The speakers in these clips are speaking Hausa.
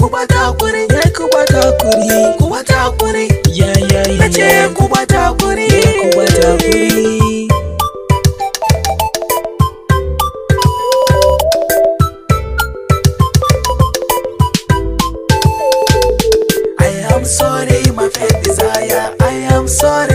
ku ba ya ku ba takuri ku ya ya ya ce ku ba takuri ku I am sorry, my faith desire. I am sorry.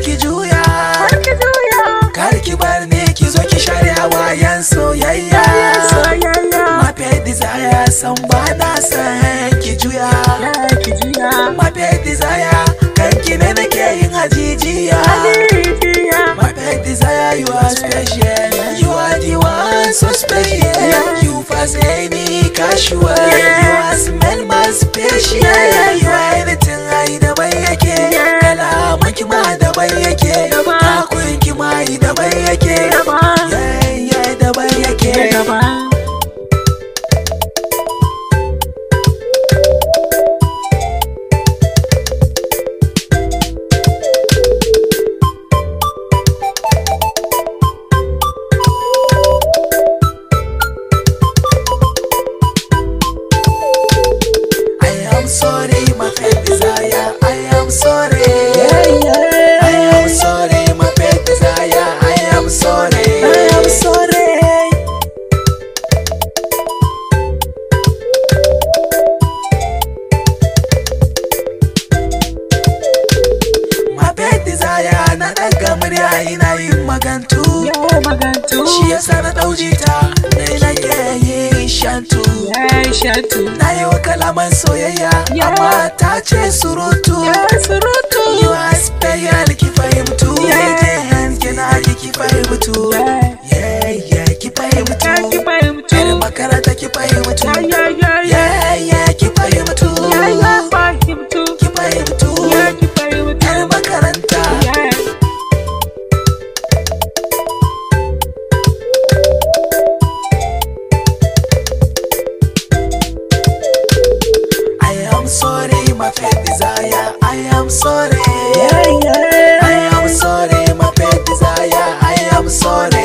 ki juya kar ki bar ni ki zo ki share hawayen soyayya my bad desire san ba na san ki juya my bad desire kan ki ne ke yin hajijiya my bad desire you are special you are the one so special you pass any casual you are smell my special na daga murya ina yin magantu shi sa na ɗauji ta na yi nake shantu na yi wa kalaman soyayya amma ta ce surutu you ask pay ki fahimtu yake hanki na aliki fahimtu sorry, my pet desire. I am sorry. I am sorry, my pet desire. I am sorry.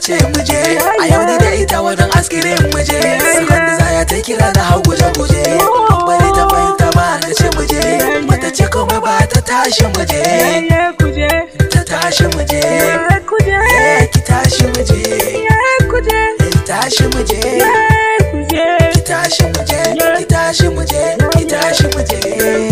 ce muje a yau ne da ita wajen askirin muje sakon da zaya ta kira na hau guje guje bari ta fahimta ma na ce muje mata ce kuma ba ta tashi muje ta tashi muje ki tashi muje ki tashi muje ki tashi muje ki tashi muje ki tashi muje ki tashi muje